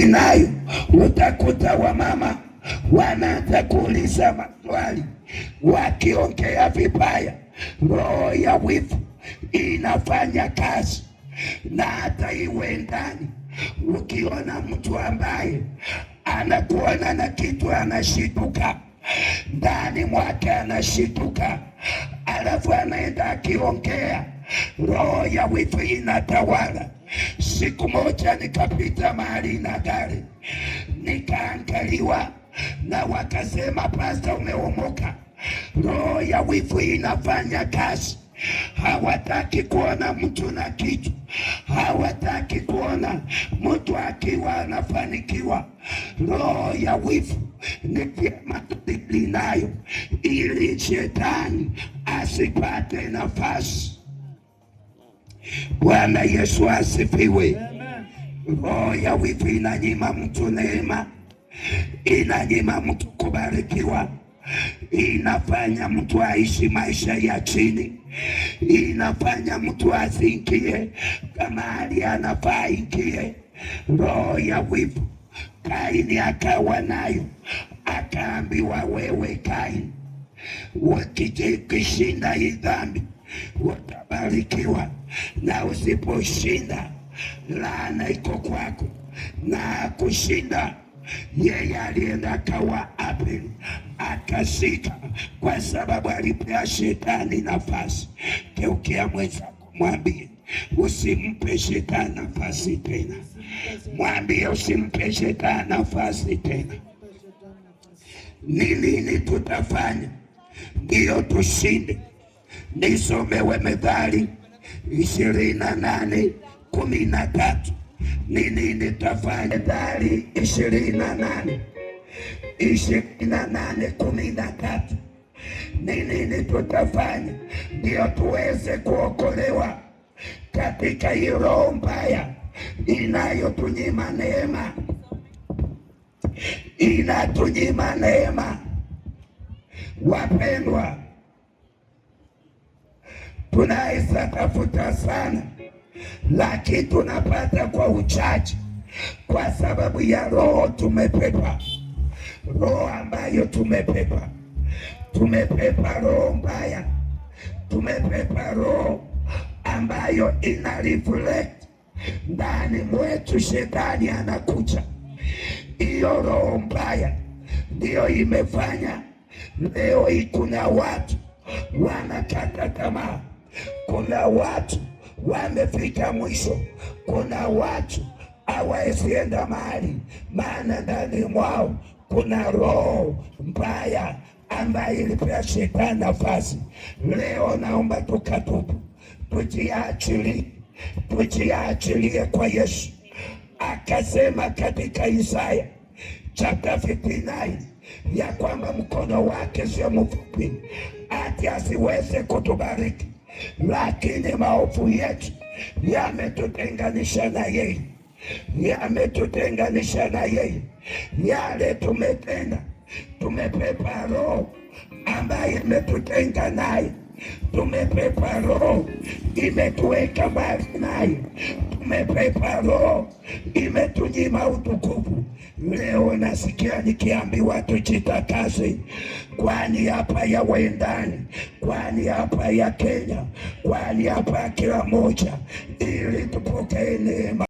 inayo, utakuta wamama wanaanza kuuliza maswali, wakiongea vibaya. Roho ya wivu inafanya kazi na hata iwe ndani. Ukiona mtu ambaye anakuona na kitu anashituka ndani mwake, anashituka alafu anaenda akiongea, roho ya wivu inatawala. Siku moja nikapita mahali na gari nikaangaliwa, na wakasema, pasta, umeomoka. Roho ya wivu inafanya kazi, hawataki kuona mtu na kitu, hawataki kuona mtu akiwa anafanikiwa. Roho ya wivu ni vyema tudili nayo, ili shetani asipate nafasi. Bwana Yesu asifiwe. Roho ya wivu inanyima mtu neema, inanyima mtu kubarikiwa, inafanya mtu aishi maisha ya chini, inafanya mtu asinkie kama hali anafaa Roho ya wivu Kaini akawa nayo, akaambiwa wewe Kaini, wakijikishinda hii dhambi utabarikiwa na usiposhinda laana iko kwako, na kushinda yeye alienda kawa Abeli akasika, kwa sababu alipea shetani nafasi. Keukia mwenzako mwambie, usimpe shetani nafasi tena. Mwambie usimpe shetani nafasi tena. Ni nini tutafanya ndiyo tushinde? nisomewe Methali ishirini na nane kumi na tatu nini nitafanya? Methali ishirini na nane ishirini na nane kumi na tatu nini tutafanya ndio tuweze kuokolewa katika hiyo roho mbaya inayotunyima neema, inatunyima neema, wapendwa tunaisa tafuta sana, lakini tunapata kwa uchache, kwa sababu ya roho tumepepa, roho ambayo tumepepa, tumepepa roho mbaya, tumepepa roho ambayo ina reflect ndani mwetu. Shetani anakuja, hiyo roho mbaya ndiyo imefanya leo ikuna watu wanakata tamaa kuna watu wamefika mwisho, kuna watu hawaezienda mahali, maana ndani mwao kuna roho mbaya ambayo ilipea shetani nafasi. Leo naomba tukatubu, tujiachilie, tujiachilie kwa Yesu. Akasema katika Isaya chapter 59 ya kwamba mkono wake sio mfupi ati asiweze kutubariki lakini maovu yetu yametutenganisha na yeye, yametutenganisha na yeye. Yale tumetenda, tumepepa roho ambaye imetutenga naye, tumepepa roho imetuweka mbali naye Umepepa, roho imetunyima utukufu. Leo nasikia nikiambiwa tujitakase kwani hapa ya wendani, kwani hapa ya Kenya, kwani hapa ya kila moja, ili tupokee neema.